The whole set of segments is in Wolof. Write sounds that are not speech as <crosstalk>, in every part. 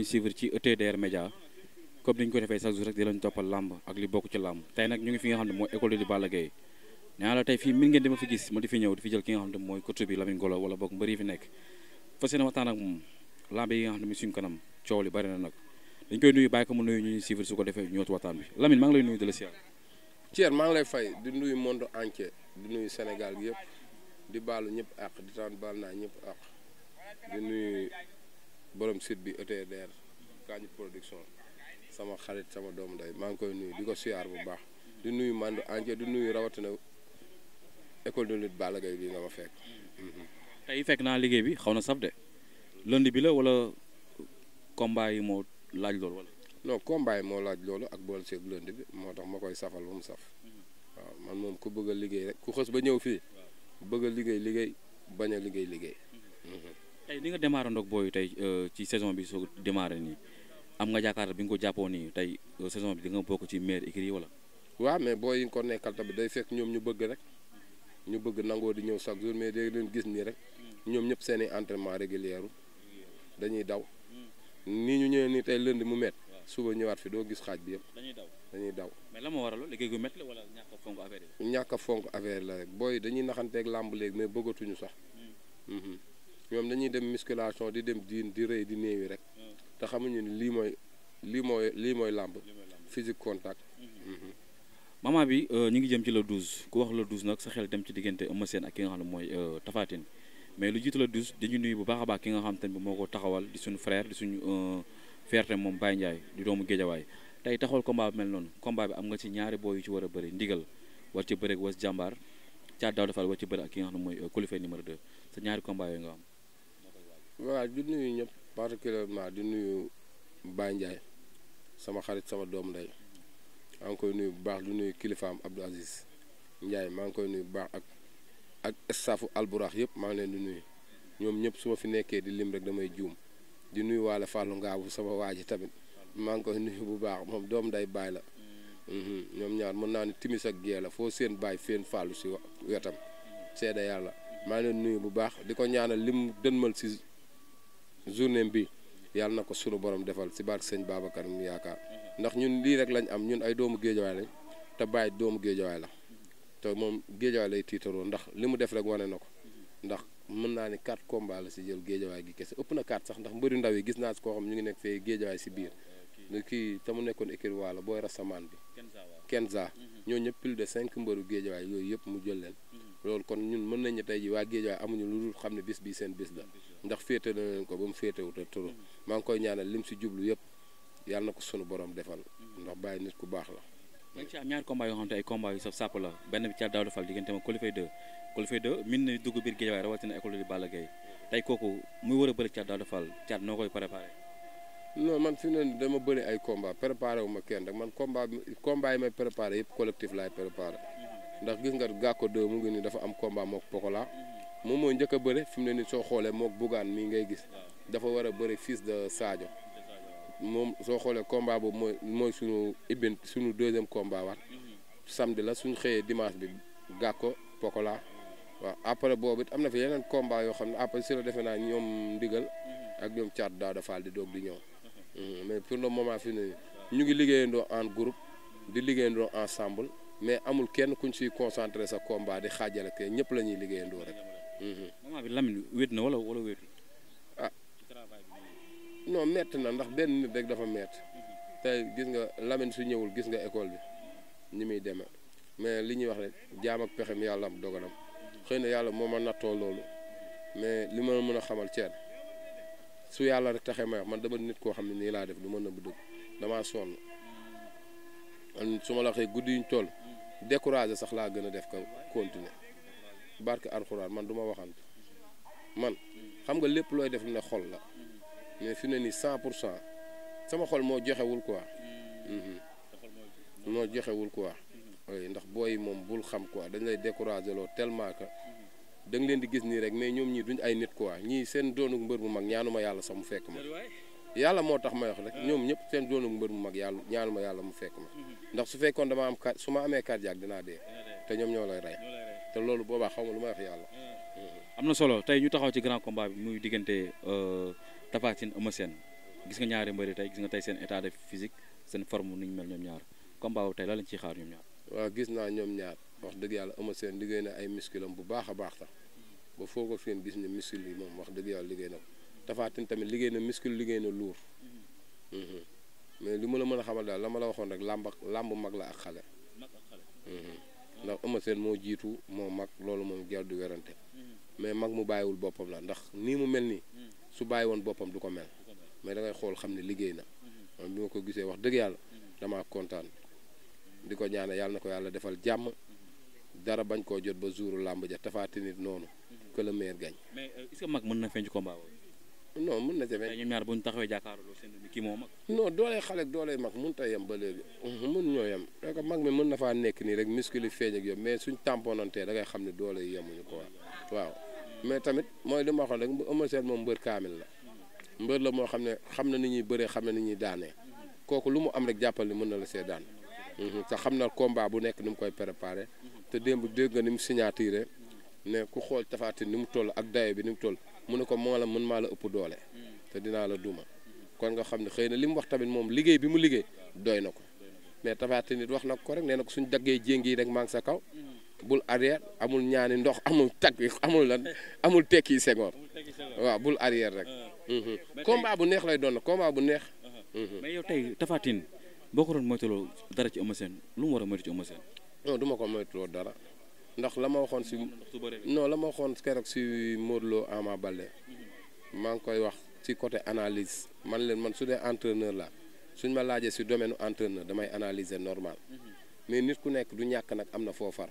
ñuy suivre e ni ñu ne kanam coow li bari na nag dañ nuyu bàyyi ko mu nuyu ñuy suivre su ko defee ñëwatu waxtaan bi Lamine maa ngi lay nuyu di la siyaar Thierno maa ngi lay fay di nuyu monde entier di nuyu Sénégal gi di baalu ñëpp àq di nuyu borom site bi ETDR Kandji production sama xarit sama doomu ndey maa ngi koy nuyu di ko siyaar bu baax di nuyu mandu entier di nuyu rawatina école de lutte Balla Gaye bii nga ma fekk. Mhm. tey fekk naa liggéey bi xaw na saf de lundi bi la wala combat yi moo laaj loolu wala. non combat moo laaj loolu ak bool seeg lundi bi moo tax ma koy safal ba mu saf mhm. waaw man moom ku bëgg a liggéey rek ku xës ba ñëw fii bëgg a liggéey liggéey bañ a liggéey liggéey. Mhm. tey ni nga démarré ndoog booyu tey euh, ci saison bi soo démarré nii am nga yaakaar bi nga ko jàppoo nii tey euh, saison bi di nga bokk ci maire écrit yi wala. waaw mais booy yi nga ko nekkal tamit day fekk ñoom ñu bëgg rek ñu bëgg nangoo di ñëw chaque jour mais day leen gis nii rek ñoom ñëpp seen i entraînement régulier dañuy daw nii ñu ñëwee nii tey lënd mu met suba ñëwaat fi doo gis xaaj bi yëpp. dañuy daw dañuy daw. mais la ma waral liggéey gu met la wala ñàkk a fonk affaire ñàkk a la rek booy dañuy naxanteeg làmb léegi mais bëggatuñu sax. Hmm. Mhm. ñoom dañuy dem musculation di dem diin di rëy di néewi rek te xamuñu ni lii mooy lii mooy lii mooy làmb physique contact mhm. maman bi euh, ñu ngi jëm ci la 12 ku wax le 12 nag sa xel dem ci diggante Eumeu Sène ak ki nga xam ne mooy euh, Tapha Tine mais lu jiitu le 12 dañu nuyu bu baax a ki nga xam te ne moo ko taxawal di suñu frère di suñu euh, fierté moom Baye Ndiaye di doomu Géejawaay tey taxawal combat bi mel noonu combat bi am nga ci ñaari boo yu ci war a bëri ndigal war ci bëri jàmbaar caat daaw defal war ci bëri xam ne mooy Coulifay numéro 2 sa ñaari combat yooyu nga am waa di nuyu ñëpp particulièrement di nuyu Baye Ndiaye sama xarit sama doomu ndey maa ngi koy nuyu bu baax di nuyu kilifaam Abdou Aziz Ndiaye maa ngi koy nuyu bu baax ak ak staffu alburax yëpp maa ngi leen di nuyu ñoom ñëpp su fi nekkee di lim rek damay juum di nuyu waale Fallou Ngaabu sama waa ji tamit maa ngi koy nuyu bu baax moom doom day baay la mhm, ñoom ñaar mën naa ne timis ak gee la foo seen baay feen Fallou si wetam seede yàlla maa ngi leen nuyu bu baax di ko ñaanal lim dënmal si journée bi yàlla na ko sunu borom defal si baat sëñ Babacar mu yaakaar ndax ñun lii rek lañ am ñun ay doomu géejawaay lañ te bàyyi doomu géejawaay la te moom géejawaay lay tiitaroo ndax li mu def rek wane na ko ndax mën naa ni quatre combats la si jël géejawaay gi kese ëpp na quatre sax ndax mbëri ndaw yi gis naa si koo xam ñu ngi nekk fee géejawaay si biir kii te mu nekkoon écurie waalo booy rasamaan bi Kenza mhm. ñoo ñëpp plus de cinq mbëru géejawaay yooyu yëpp mu jël leen mhm. loolu kon ñun mën nañu tey ji waa géejawaay amuñu lu dul xam ne bis bi seen bis la mhm. ndax féete na ko ba mu féetewu te turu maa ngi koy ñaanal lim si jublu yëpp yàlla na ko sunu borom defal ndax bàyyi nit ku baax la. da nga ci am ñaari combat yoo xam te la benn bi Thiatou Daouda Fall diggante ma Colifay 2 Colifay 2 min na dugg biir géej waaye rawatina école di Balla Gaye tey kooku muy war a bëri Thiatou Daouda Fall Thiatou noo koy préparé. non man fi mu ne dama ay combat préparé wu ma kenn rek man combat bi yëpp collectif laay préparé mhm. ndax gis nga gàkko 2 mu ngi ni dafa am combat mook Pokola. Mhm. moom mooy njëkk a bëre fi mu ne nii soo xoolee moog Bougane mii ngay gis dafa war a bëre de Sadio moom soo xoolee combat boobu mooy mooy suñu ibin suñu deuxième combat waat la suñu xëyee dimanche bi gàkko pokola waaw après boobu it na fi yeneen combat yoo xam ne après si la defe naa ñoom ndigal ak ñoom caat daaw dafaal di doog di ñëw hmm, mais pour le moment fi ne ñu ngi liggéeyandoo en groupe di liggéeyandoo ensemble mais amul kenn ku kuñ siy concentré sa combat di xaajale ak ñëpp la ñuy liggéeyandoo rek. Mm-hmm. moment bi Lamine wéet na wala wala wéetul. ah non na ndax benn minute rek dafa métti. Mm-hmm. tey gis nga lamin su ñëwul gis nga école bi ni muy deme mais li ñuy wax rek jaam ak pexem yàlla am dogalam xëy na yàlla moo man nattoo loolu mais li ma mën a xamal Thierno su yàlla rek taxee ma wax man dama nit koo xam ne nii laa def du mën na bu dëgg damaa sonn man mm. su ma la waxee guddi yuñ toll mm. découragé sax laa gën a def ka continuer. barke alxuraan man du ma waxantu man xam nga lépp looy def ne xol la mais fi ne nii cent pour cent sama xol moo joxewul quoi mhm. moo joxewul quoi oui ndax booy moom bul xam quoi dañ lay découragé loo tellement que da nga leen di gis nii rek mais ñoom ñii duñ ay nit quoi ñii seen doonug mbër bu mag ñaanuma yàlla sax mu fekk ma yàlla moo tax ma wax rek ñoom ñëpp seen doonug mbër mu mag yàlla ñaanuma yàlla mu fekk ma ndax su fekkoon dama am su ma amee cardiaque dinaa dee te ñoom ñoo lay rey te loolu boobaa xaw ma lu ma wax yàlla. Hmm. am na solo tey ñu taxaw ci grand combat bi muy diggante euh, Tapha Tine Eumeu Sène gis nga ñaari mbëri tey gis nga tey seen état de physique seen forme ni ñu mel ñoom ñaar combat boobu tey la lañ ciy xaar ñoom ñaar. waaw gis naa ñoom ñaar wax dëgg yàlla Eumeu seen liggéey na ay musculam bu baax a baax sax ba foo ko feen gis ne muscle yi moom wax dëgg yàlla liggéey na ko Tapha tamit liggéey na muscle liggéey na luur hmm. hmm. mais li ma la mën a xamal daal la ma la waxoon rek làmb làmb mag mag ak xale. ndax Eumeu Sène moo jiitu moo mag loolu moom jar du werante mm. mais mag mu bàyyiwul boppam la ndax nii mu mel nii mm. su bàyyi woon boppam du ko mel mais da xool xam ne liggéey na moom mm-hmm. bi ma ko gisee wax dëgg yàlla mm-hmm. damaa kontaan di ko ñaane yàlla na ko yàlla defal jàmm mm-hmm. dara bañ koo jot ba jouru làmb ja tafaati nit noonu que le euh, mag mën na feeñ ci combat no mën na demee ñoom ñaar bu ñu moo mag. non doole xale ak doole mag mënut a yem ba léegi mën mhm, ñoo mag mën na faa nekk nii rek muscle yi feeñ ak mais suñ tamponantee da ngay xam ne doole yi yemuñu ko waaw mais tamit mooy li ma waxoon rek Eumeu moom mbër kaamil la mbër la moo xam ne xam na ni ñuy bëree xam na ni ñuy daanee kooku lu mu am rek jàppal ni mën na la see daan mhm, te xam na combat bu nekk ni mu koy préparé te démb dégg nga ni mu signature ne ku xool tafaati ni mu toll ak dayo bi ni mu toll mu ne ko moo la mën maa la ëpp doole te dinaa la duma kon nga xam ne xëy na li mu wax tamit moom liggéey bi mu liggéey doy na ko mais Tapha Tine wax na ko rek nee na ko suñ daggee jéng yi rek maa bul arrière amul ñaani ndox amul tag bi amul lan amul tekki seconde waaw bul arrière rek ah. mhm. combat bu neex lay doon na combat bu neex ah. mhm. mais tey Tapha boo ko doon moytuloo dara ci Eumeu Sène lu mu war a moytu ci Eumeu Sène non du ma ko moytuloo dara ndax la ma waxoon si non la ma waxoon keroog si mootloo Lo Ama Baldé maa ngi koy wax ci côté analyse man leen man su dee entraîneur la suñ ma laajee si domaine entraîneur damay analyser normal mais nit ku nekk du ñàkk nag am na foofar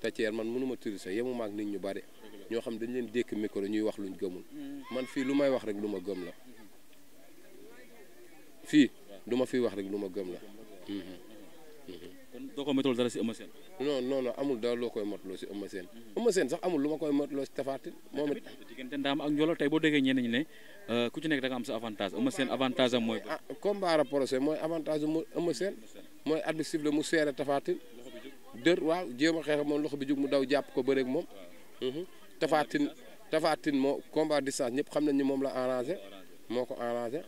te ceer man mënuma turi sa yemu maak nit ñu bari ñoo xam dañ leen dékk micro ñuy wax luñ gëmul man fii lu may wax rek lu ma gëm la fii duma ma wax rek lu ma gëm la mhm. nga ko météo dara si Eumeu Sène. non non non amul dara loo koy motloo si Eumeu Sène. Mm-hmm. Eumeu Sène sax amul lu ma koy motloo si Tapha moom it diggante boo déggee ñenn ne euh, ku ci nekk da am sa avantage Eumeu Sène avantage am mooy. ah combat rapproché mooy avantage mu Eumeu Sène mu seere Tapha Tine. dër waaw jéem a xeex moom loxo bi jug mu daw jàpp ko bëreeg moom. Mm-hmm. Tapha Tine Tapha Tine moo combat distance ñëpp xam nañ ni moom la arrangé moo ko arrangé.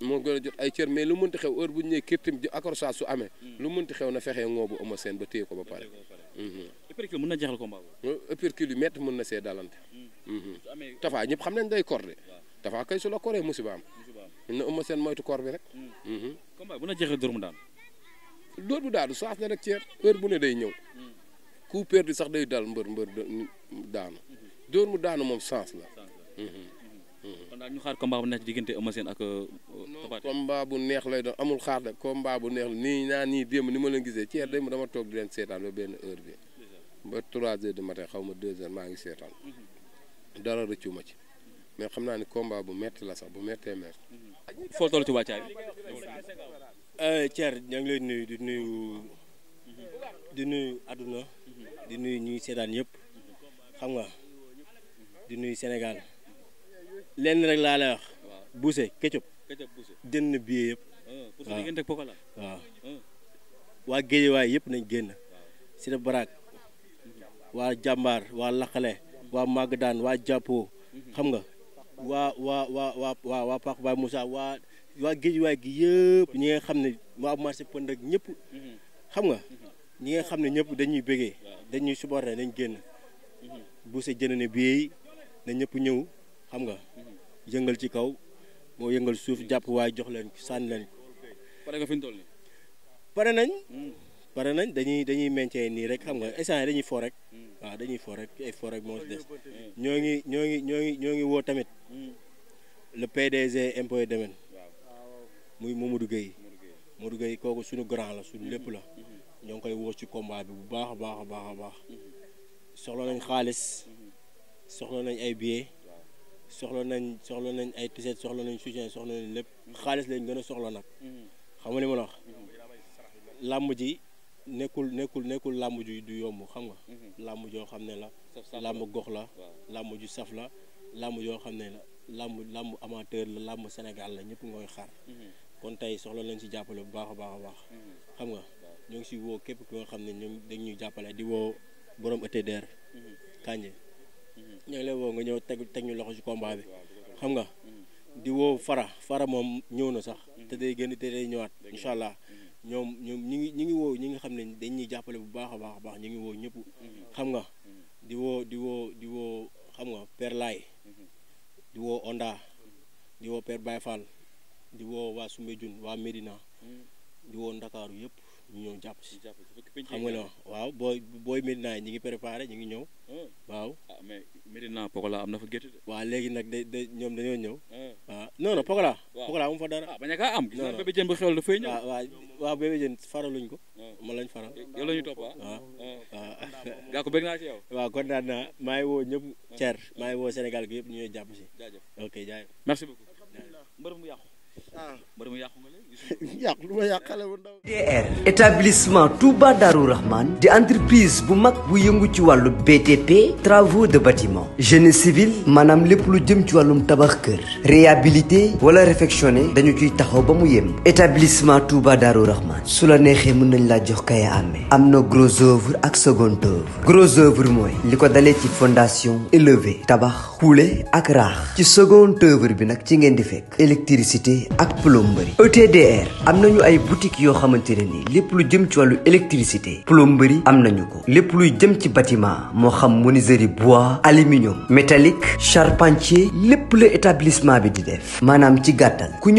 moo gën a jot ay cër mais lu mënti xew heure bu ñu ñëwee kirtim ji accrochage su amee. Hmm. lu mënti xew na fexee ngoobu Eumeu seen ba téye ko ba pare. Hmm. mun na jeexal combat boobu. uppercut yu mën na see dalante. Hmm. su amee ñëpp xam nañ day cordé. Tafa kay su la coree musiba am. musiba am na Eumeu moytu corps bi rek. bu na jeexee dóor mu daan. dóor bu daanu saas na rek ceer heure bu ne day ñëw. coup perdu sax day dal mbër mbër daanu. dóor mu daan moom sens la. kon xaar combat bu neex diggante Eumeu Sène ak. Euh, non combat bu neex lay doon amul xaar de combat bu neex nii naa nii démb ni ma leen gisee ceer démb dama toog leen seetaan benn heure bi ba 3 heures du matin xaw ma 2 heures maa ngi seetaan mm-hmm. dara rëccu ma ci mais xam naa ni combat bu metti la sax bu mettee metti. Mm-hmm. foo toll ci wàccaay bi. Euh, Thier ñoo ngi lay nuyu di nuyu mm-hmm. di nuyu àdduna di nuyu ñuy seetaan yëpp xam nga di nuyu Sénégal. lenn rek laa lay wax. waaw buuse këccëg. këccëg jënd na billet yëpp. Ah, pour sa diggante ak ah. waa Géejawaay yëpp nañ génn. si la Barak. waa jàmbaar waa Laxale. waa Magadaan waa Jàppoo. Mhm. xam nga waa waa waa waa waa waa Paax Baay Moussa waa waa gi yëpp ñi nga xam ne waa marché Pënd ak ñëpp. Mhm. xam nga mhm. ñi nga xam ne ñëpp dañuy bëggee dañuy supporté nañ génn. buuse jënd na billet yi na ñëpp ñëw. xam nga yëngal ci kaw moo yëngal suuf jàpp waaye jox leen ko sànni leen ko. pare nga fi ñu toll pare nañ. Hmm. pare nañ dañuy dañuy maintien nii rek xam nga hmm. instant dañuy fo rek. Hmm. dañuy fo rek ay fo rek moo si des. ñoo ngi ñoo ngi ñoo ngi ñoo ngi woo tamit. le PDG impôt domaine. muy Mamadou Gueye. Mamadou Gueye kooku suñu grand la suñu lépp la. ñoo ngi koy woo ci combat bi bu baax a baax a baax a baax. soxla nañ xaalis. soxla nañ ay billets. soxla nañ soxla nañ ay tiset soxla nañ soutien soxla nañ lépp xaalis lañ gën a soxla nag mhm. xam nga li ma làmb ji nekkul nekkul nekkul làmb ju du yomb xam nga mhm. làmb joo xam ne la làmb gox la làmb ju saf la làmb joo xam ne la làmb làmb amateur la làmb Sénégal la ñëpp ngooy xaar mhm. kon tey soxla nañ si jàppale bu baax a baax a baax xam nga ñoo ngi si woo képp ki nga xam ne ñoom dañ ñuy jàppale di woo borom ETDR kànje ñoo lay woo nga ñëw teg teg ñu loxo ci combat bi xam nga di woo Fara Fara moom ñëw na sax te day gën te day ñëwaat incha allah ñoom ñoom ñi ngi ñi ngi woo ñi nga xam ne dañ ñuy jàppale bu baax a baax a baax ñu ngi woo ñëpp xam nga di woo di woo di woo xam nga Père Laay di woo Onda di woo Père Baye Fall di woo waa Soumbédioune waa Médina di woo Ndakaaru yëpp ñu ñëw jàpp si xam nga ne waaw booy booy Médina yi ñi ngi préparé ñu ngi ñëw hmm. Medina Pokola am na fa gétt de. waaw léegi nag day day ñoom dañoo ñëw. Eh. waaw non non Pokola. waaw Pokola fa dara. ah bañ a kaa am. non non bébé jën bu xewal dafay ñëw. waaw waaw waaw bébé jën ko. Eh. ma lañ faral. yow la ñu topp ah. waaw eh. waaw. gaa ko bëgg naa ci yow. naa maa ngi woo ñëpp Thier maa ngi woo Sénégal gi yëpp ñu ngi jàpp si. jaajëf ok jaajëf. merci beaucoup. mbër mu yàqu. Ah. <laughs> DR établissement Touba Darou Rahman de entreprise bu mak bu yëngu ci BTP travaux de bâtiment génie civil manam lepp lu jëm ci walum tabax kër réhabilité wala réfectionné dañu ci taxaw ba mu établissement Touba Darou Rahman su la neige, mën nañ la jox am gros œuvre ak second œuvre gros œuvre moi liko dalé ci fondation élevé tabax kuule ak rax ci second œuvre bi nak ci ngeen di électricité ak plomberie ETDR amna ñu ay boutique yo xamante ne nii lépp lu jëm ci wàllu électricité plomberie am nañu ko lépp luy jëm ci bâtiment moo xam menuiserie bois aluminium métallique charpentier lépp la établissement bi di def maanaam ci gàttal ku ñëw